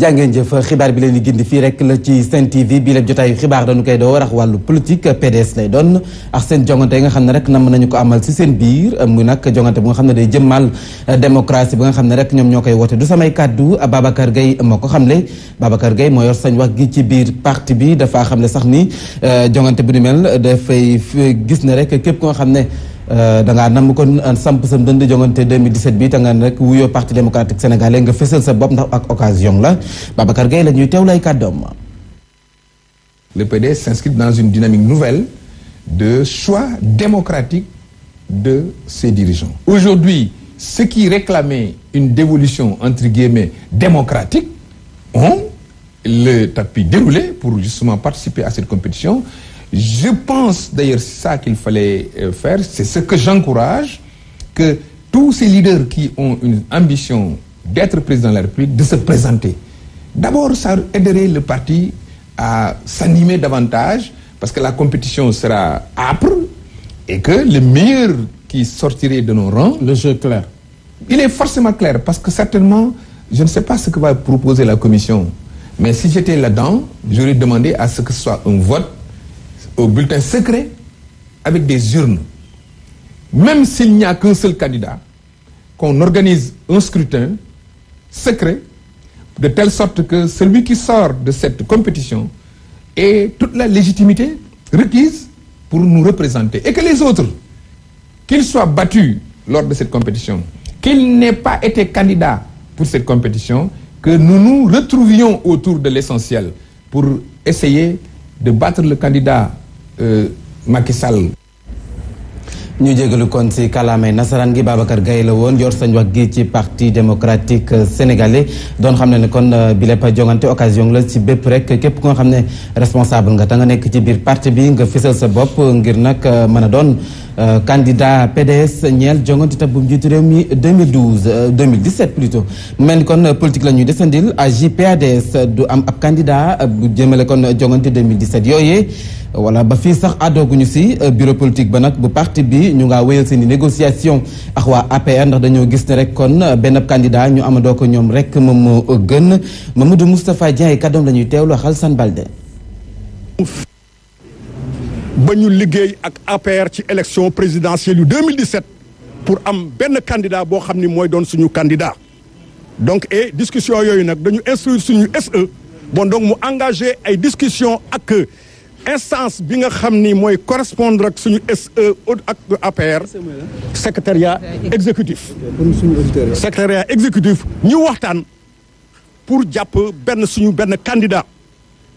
jàngeen jëf xibaar bi leen di gindi fii rek la ci Sen TV bii lépp jotaayu xibaar dañu koy doo war ak wàllu politique PDS lay doon ak seen jongante yi nga xam ne rek nam nañu ko amal si seen biir muy nag jongante bu nga xam ne day jëmmal eh, démocratie bu nga xam ne rek ñoom ñoo koy woote du samay kàddu Babacar Gueye moo ko ne Babacar gay moo yor sañ wax gi ci biir parti bi dafa xam ne sax ni eh, jongante bu nu mel dafay gis ne rek képp ko nga xam ne Euh, da ngaa nam kon euh, samp sam dënd jongante 2017 bi te nga rek wuyoo parti démocratique sénégalais nga fësal sa bopp ndax ak occasion la Babacar Gueye la ñuy teew lay kàddoom le PDS s'inscrit dans une dynamique nouvelle de choix démocratique de ses dirigeants aujourd'hui ceux qui réclamaient une dévolution entre guillemets démocratique ont le tapis déroulé pour justement participer à cette compétition Je pense d'ailleurs ça qu'il fallait euh, faire, c'est ce que j'encourage, que tous ces leaders qui ont une ambition d'être président de la République, de se présenter. D'abord, ça aiderait le parti à s'animer davantage, parce que la compétition sera âpre, et que le meilleur qui sortirait de nos rangs... Le jeu clair. Il est forcément clair, parce que certainement, je ne sais pas ce que va proposer la commission, mais si j'étais là-dedans, j'aurais demandé à ce que ce soit un vote au bulletin secret avec des urnes. Même s'il n'y a qu'un seul candidat, qu'on organise un scrutin secret, de telle sorte que celui qui sort de cette compétition ait toute la légitimité requise pour nous représenter. Et que les autres, qu'ils soient battus lors de cette compétition, qu'ils n'aient pas été candidats pour cette compétition, que nous nous retrouvions autour de l'essentiel pour essayer de battre le candidat Euh, Macky Sall. ñu jégalu kon si kàllaamay nasaraan gi Babacar Gaye la woon yor sañ wax gi ci parti démocratique sénégalais doon xam ne ne kon euh, bi lépp jongante occasion la si bépp rek képp ku nga xam ne responsable nga te nga nekk ci biir parti bi nga fisal sa bopp ngir nag euh, mën a doon. Euh, candidat PDS ñeel jongante tab bu njiitu réew mi 2012 2017 euh, plutôt mel ni kon politique la ñuy desandil AJ/PADS du am ab candidat euh, bu jëmale kon jongante 2017 yooyee voilà ba fii sax àddooguñu si bureau politique ba nag bu parti bi ñu ngaa wéyal seen i négociation ak waa APR ndax dañoo gis ne rek kon benn ab candidat ñu amandoo ko ñoom rek moom moo gën Mamadou Moustapha Dieng ay kàddoom la ñuy teewlu xal San Balde ba ñu liggéey ak APR ci élection présidentielle yu 2017 pour am benn candidat boo xam ni mooy doon suñu candidat donc et discussion yooyu nag dañu instruire suñu SE bon donc mu engagé ay discussion ak instance bi nga xam ni mooy correspondre ak suñu SE ak APR secrétariat exécutif secrétariat exécutif ñu waxtaan pour jàpp benn suñu benn candidat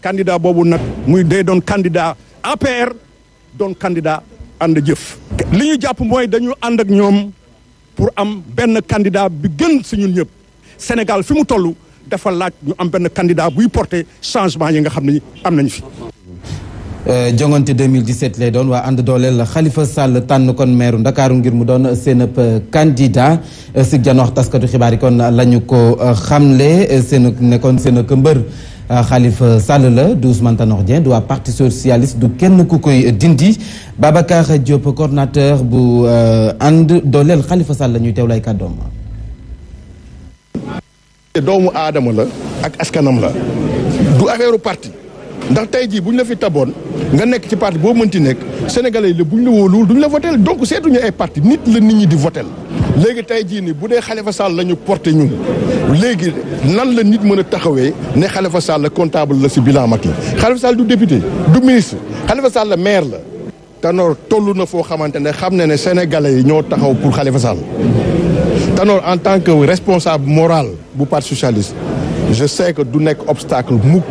candidat boobu nag muy day doon candidat APR doon candidat ànd jëf. li ñu jàpp mooy dañu ànd ak ñoom pour am benn candidat bi gën si ñun ñëpp Sénégal fi mu toll defal laaj ñu am benn candidat buy porter changement yi nga xam ni am nañ fi. Euh, jongante 2017 lay doon waa ànd dooleel Khalifa Sall tànn kon meeru Ndakaaru ngir mu doon seen seenab euh, candidat euh, si janox taskatu xibaar yi kon la ñu ko xamle seen nekkoon seen a mbër Khalifa Sall la du Ousmane Tanor Dieng du waa parti socialiste du kenn ku koy dindi Babacar Diop coordonnateur bu ànd dooleel Khalifa Sall la ñuy teew lay kàddoom doomu la ak ndax tey jii bu ñu la fi taboon nga nekk ci parti boo mënti nekk sénégalais yi la bu ñu la wóoluwul du ñu la votel donc seetuñu ay parti nit la nit ñi di votel léegi tey jii ni bu dee Khalifa Sall la ñu porté ñu léegi nan la nit mën a taxawee ne Khalifa la comptable la si bilan Macky Khalifa Sall du député du ministre Khalifa Sall maire la Tanor tollu na foo xamante ne xam na ne sénégalais yi ñoo taxaw pour Khalifa Sall Tanor en tant que responsable moral bu parti socialiste je sais que du nekk obstacle mukk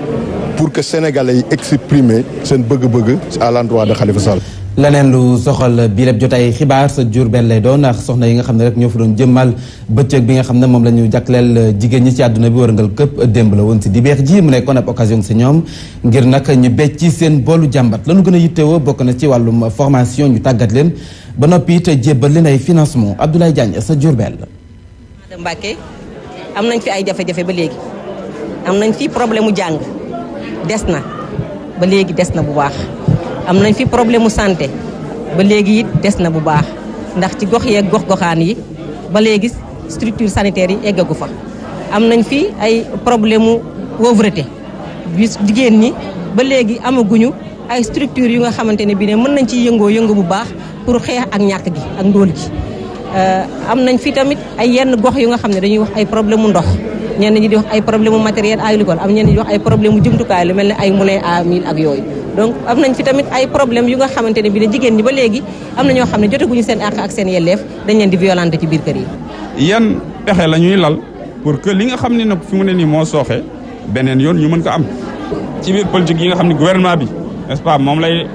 pour que sénégalais yi exprimer seen bëgg-bëgg à l'endroit de Khalifa Sall. leneen lu soxal bii jot ay xibaar sa Diourbel lay doon ndax soxna yi nga xam ne rek ñoo fa doon jëmmal bëccëg bi nga xam ne moom la ñu jàkkleel jigéen ñi ci àdduna bi wërngal këpp démb la woon si dibeex ji mu nekkoon ab occasion si ñoom ngir nag ñu becc seen boolu jàmbat lañu gën a yittewoo bokk na ci wàllum formation ñu tàggat leen ba noppi te jébbal leen ay financement Abdoulaye Diagne sa Diourbel. Mbacke nañ fi ay jafe-jafe ba léegi des na ba léegi des na bu baax am nañ fi problème mu santé ba léegi it des na bu baax ndax ci gox yeeg gox-goxaan yi ba léegi structure sanitaire yi eggagu fa am nañ fi ay problème mu pauvreté bis jigéen ñi ba léegi amaguñu ay structure yu nga xamante ne bi ne mën nañ ci yëngoo yëngu bu baax pour xeex ak ñàkk gi ak ndóol gi Euh, am nañ fi tamit ay yenn gox yu nga xam ne dañuy wax ay problème mu ndox ñenn ñi di wax ay problème matériel agricole am ñenn di wax ay problème mu jumtukaay lu mel ne ay moulin à mil ak yooyu donc am nañ fi tamit ay problème yu nga xamante ne bi ne jigéen ñi ba léegi am na ñoo xam ne jotaguñu seen àq ak seen yelleef dañ leen di violenter ci biir kër yi yan pexe la ñuy lal pour que li nga xam ne nag fi mu ne nii moo sooxe beneen yoon ñu mën ko am ci biir politique yi nga xam ne gouvernement bi n'est-ce pas moom lay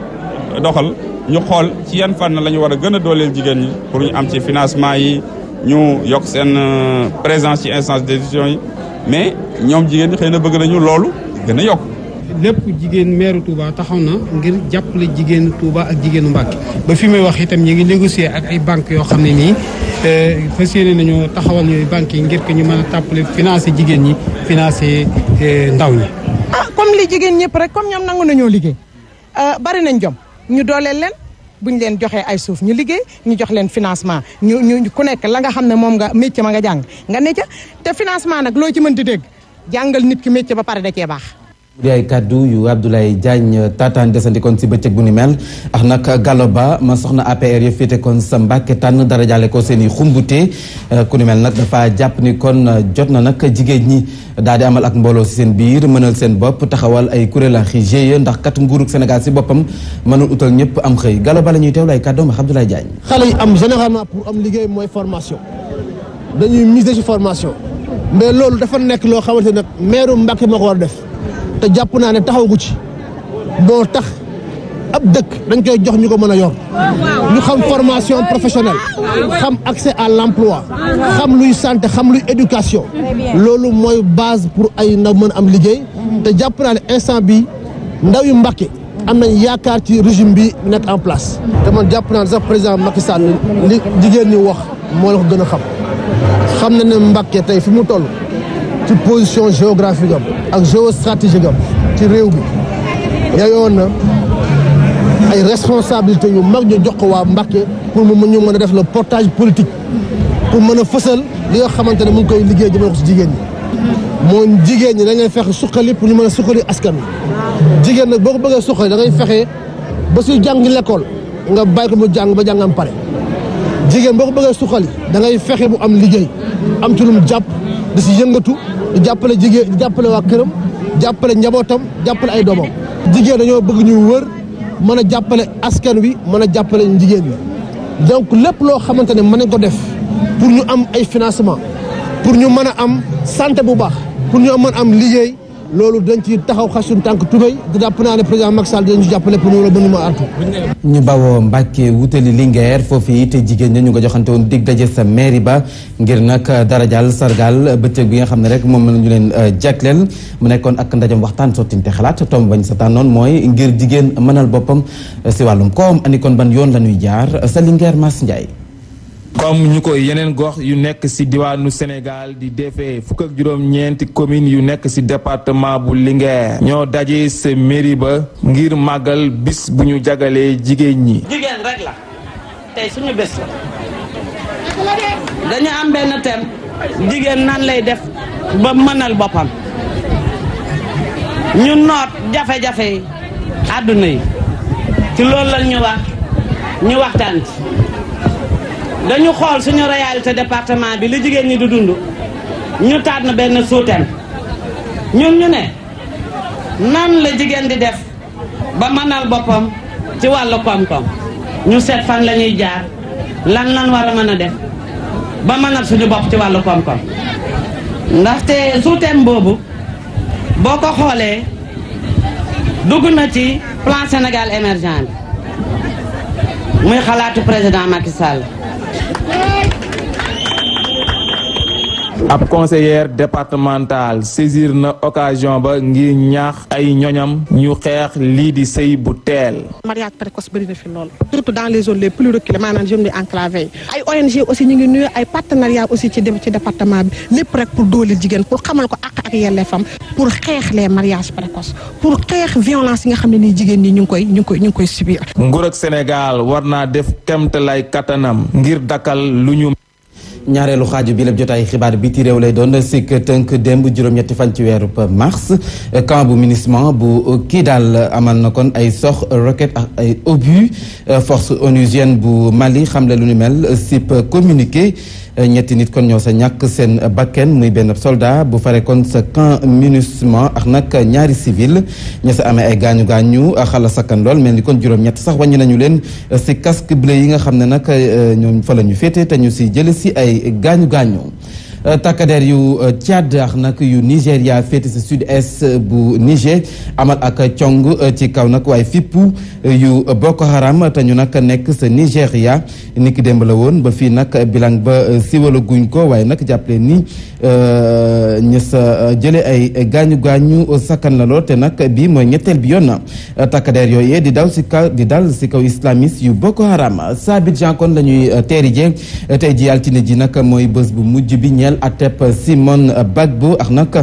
doxal ñu xool ci yan fànn la ñu war a gën a dooleel jigéen ñi pour ñu am ci financement yi ñu yokk seen euh, présence ci instance de yi mais ñoom jigéen ñi xëy na bëgg nañu loolu gën a yokk lépp jigéen meeru Touba taxaw na ngir jàppale jigéen Touba ak jigéenu Mbàkke ba fi may wax itam ñu ngi négocier ak ay banques yoo xam ne nii euh, fas yéene nañu taxawal ñooy banques yi ngir que ñu mën a tàppale finance jigéen ñi financer euh, ndaw ñi. ah comme li jigéen ñëpp rek comme ñoom nangu nañoo liggéey bari nañ jom bu ñu leen joxe ay suuf ñu liggéey ñu jox leen financement ñu ñu ku nekk la nga xam ne moom nga métier ma nga jàng nga ne ca te financement nag loo ci mënti dégg jàngal nit ki métier ba pare da ceebaax di ay kàddu yu Abdoulaye Diagne taataan desandi kon si bëccëg bu ni mel ak nag Ba ma soxna APR yi féete kon sa Mbàkke tànn dara jaale ko seen i xumbute eh, ku ni nag dafa jàpp ni kon jot na nag jigéen ñi daal amal ak mbooloo si seen biir mënal seen bopp taxawal ay kuréel ak GIE ndax kat nguurug Sénégal si boppam mënul utal ñëpp am xëy Gallo Ba ñuy teewlu ay kàddoom ak Abdoulaye Diagne. xale yi am généralement pour mooy formation dañuy miser ci formation mais loolu dafa nekk loo xamante ne maire Mbàkke moo ko war def. te jàpp naa ne taxaw gu ci boo tax ab dëkk dañ koy jox ñu ko mën a yor ñu xam formation professionnelle xam accès à l'emploi xam luy santé xam luy éducation loolu mooy base pour ay ndaw mën am liggéey te jàpp naa ne instant bi ndaw yu Mbàkke am nañ yaakaar ci régime bi nekk en place te man jàpp naa ne sax président Macky Sall li jigéen ñi wax moo la ko gën a xam xam na ne Mbàkke tey fi mu toll ci position géographique am ak géostratégique am ci réew bi yayoon na ay responsabilité yu mag ñu jox ko waa Mbacké pour mu ñu mën a def la portage politique pour mën a fësal li nga xamante ne mu ngi koy liggéey jëmale ko si jigéen ñi moo jigéen ñi da ngay fexe suqali pour ñu mën a suqali askan wi jigéen nag boo bëggee suqali da ngay fexe ba suy jàng l'école nga bàyyi ko jàng ba jàngam jigéen boo ko bëggee suqali da ngay fexe bu am liggéey am ci lu jàpp di si yëngatu jàppale jigéen di jàppale waa jàppale njabootam jàppale ay doomam jigéen dañoo bëgg ñu wër mën a jàppale askan wi mën a jàppale jigéen wi donc lépp loo xamante ne mën nañ ko def pour ñu am ay financement pour ñu mën a am santé bu baax pour ñu mën a am liggéey loolu dañ ci taxaw xasun tànk tubéy di jàpp naa ne président Macky Sall dinañu jàppale pour ñu la mën ma ñu bawoo Mbàkke wutali Linguère foofu te jigéen ña ñu ko joxante woon dig daje sa mairie ba ngir nag darajal sargal bëccëg bi nga xam ne rek moom la ñu leen euh, jagleel mu nekkoon ak ndajam waxtaan sottinte xalaat tomb bañ sa tànnoon mooy ngir jigéen mënal boppam euh, si wàllum koom andikoon ban yoon la ñuy jaar sa Linguère Mass Ndiaye comme ñu ko yeneen gox yu nekk ci diwaanu Sénégal di defee fukk ak juróom-ñeenti communes yu nekk ci département bu Linguère ñoo daje sa mairie ba ngir màggal bis bu ñu jagalee jigéen ñi. la tey suñu bés dañu am benn thème jigéen nan lay def ba mënal boppam ñu noot jafe-jafe yi àdduna yi ci loolu ñu wax ñu waxtaan dañu xool suñu réalité département bi li jigéen ñi di dund ñu tànn benn suuteen ñun ñu ne nan la jigéen di def ba mënal boppam ci wàllu koom-koom ñu seet fan lañuy jaar lan lan war a mën a def ba mënal suñu bopp ci wàllu koom-koom ndaxte suuteen boobu boo ko xoolee dugg na ci plan Sénégal émergent bi muy xalaatu président Macky Sall ab conseillère départementale saisir na occasion ba ngir ñaax ay ñoñam ñu xeex lii di sëy bu teel. mariage précoce bëri na fi lool surtout dans les zones les plus reculées maanaam zones yi partenariat aussi ci dem ci département bi lépp rek pour doole jigéen pour xamal ko àq ak yelleefam pour xeex les mariages précoces pour xeex violence yi nga xam ne nii jigéen ñi ñu ngi koy ñu ngi koy ñu ngi koy subir. nguur ak Sénégal war naa def kemtalaay kattanam ngir dakkal lu ñaareelu xaaju bi lépp jotaay xibaar bi ti réew lay doon si tënk démb juróom-ñetti fan ci weeru mars camp bu munissement bu kii daal amal na kon ay sox roquette ak ay obus force onusienne bu Mali xamle lu ni mel sip communiqué ñetti nit kon ñoo sa ñàkk seen bakken muy benn soldat bu fare kon sa camp MINUSMA ak nag ñaari civil ña sa amee ay gaañu gaañu xala sakkan lool mel ni kon juróom-ñett sax wàññi nañu leen si casque bleu yi nga xam ne nag euh, ñoom fa la ñu féete te ñu si jële si ay gaañu gaañu Euh, takkadeer yu euh, Tchad ak nag yu Nigéria féete sa sud-est euh, bu Niger amal ak cong ci kaw nag waaye fippu yu Boko Haram te ñu nag nekk sa Nigéria ni ki démb la woon ba fii nag bilang ba siwala guñ ko waaye nag jàppale ni ñu sa jële ay gaañu gaañu sakan la te nag bii mooy ñetteel bi yoon takkadeer yooyee di daw si kaw di dal si kaw islamiste yu Boko Haram sa Abidjan kon la teeri jee tey ji altine ji nag mooy bés bu mujj bi ñeel atep Simone Gbagbo ak nag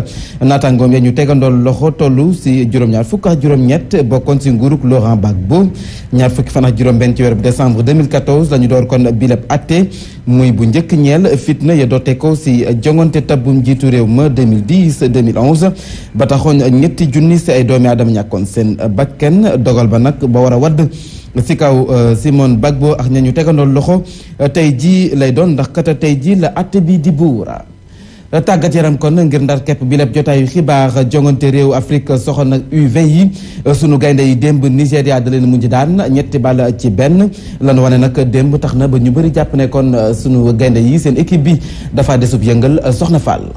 naataangoom ya ñu tegandool loxo tollu si juróom-ñaar fukk ak juróom-ñett bokkoon si nguurug Laurent Gbagbo ñaar fukki fan ak juróom-benn ci weerub décembre 2014 la ñu door kon bileb atte muy bu njëkk ñeel fitna ya doote ko si jongante tabbu njiitu réew ma 2010 2011 ba taxoon ñetti junni si ay doomi aadama ñàkkoon seen bakken dogal ba nag ba war a wadd si kaw euh, Simone Bagbo ak ña ñu tegandoon loxo euh, tey jii lay doon ndax kat tey jii la àtte bi di buura euh, tàggat yaram kon ngir ndar kepp bi lépp jotaayu xibaar jongante réew Afrique soxoon na U20 yi sunu gaynde yi démb Nigéria da leen mujj daan ñetti ball ci benn lan wane nag démb tax na ba ñu bëri jàpp ne kon sunu gaynde yi seen équipe bi dafa desub yëngal soxna Fall.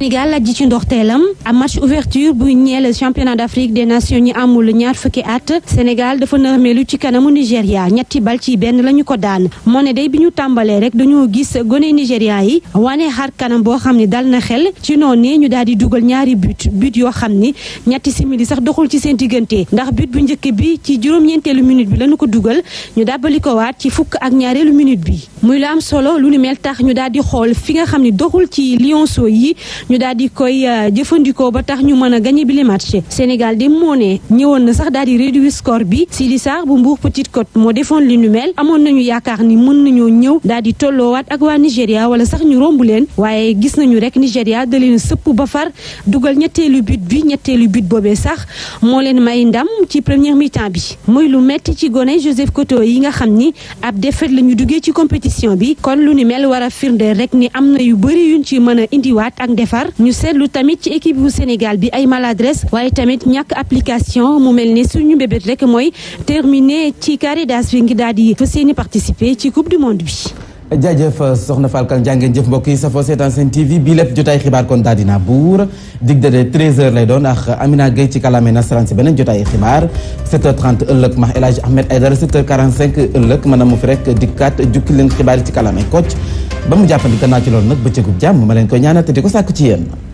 Sénégal la ji ci ndoxteelam am match ouverture buy ñeel championnat d'Afrique des nations ñi amul ñaar fukki at Sénégal dafa nërmeelu ci kanamu Nigéria ñetti bal ci benn la ñu ko daan moo ne day bi ñu tàmbalee rek dañoo gis gone Nigéria yi wane xar kanam boo xam ne dal na xel ci noon ni ñu daal di dugal ñaari but but yoo xam ni ñetti simili sax doxul ci seen diggante ndax but bu njëkk bi ci juróom-ñeenteelu minute bi lañu ko dugal ñu dàbbali ko waa ci fukk ak ñaareelu minute bi muy lu am ñu daal di xool fi nga xam ne doxul ci lionceaux yi ñu daal di koy euh, jëfandikoo ba tax ñu mën a gagné bi le Sénégal de moo ne ñëwoon na sax daal di réduire score bi Sidi Sarr bu Mbour Petite Côte moo defoon li nu mel amoon nañu yaakaar ni mën nañoo ñëw daal di tolloowaat ak waa Nigéria wala sax ñu romb leen waaye gis nañu rek Nigéria da leen sëpp ba far dugal ñetteelu but bi ñetteelu but boobee sax moo leen may ndam ci première mi bi muy lu metti ci gone Joseph Koto yi nga xam ni ab defet la ñu duggee ci compétition bi kon lu ni mel war a firndeel rek ni am na yu bëri yuñ ci mën a indiwaat ak defar ñu seetlu tamit ci équipe bu Sénégal bi ay maladresse waaye tamit ñàkk application mu mel ni suñu mbébét rek mooy terminer ci carré bi ngi daal di fa participer ci coupe du monde bi jaajëf soxna Falkal jàngeen jëf mbokk yi safoo seetaan seen TV bii lépp jotaay xibaar kon daal dina buur dig de 13h lay doon ak Amina Gueye ci kàllaame nasaraan si beneen jotaay xibaar 7h30 ëllëg ma El Hadj Ahmed Aydara 7 na mu fi rek dikkaat jukki leen xibaar yi ci kàllaame Kocc ba mu jàppandi gannaaw ci loolu nag bëccëgu jàmm ma leen koy ñaanal te di ko sàkku ci yéen.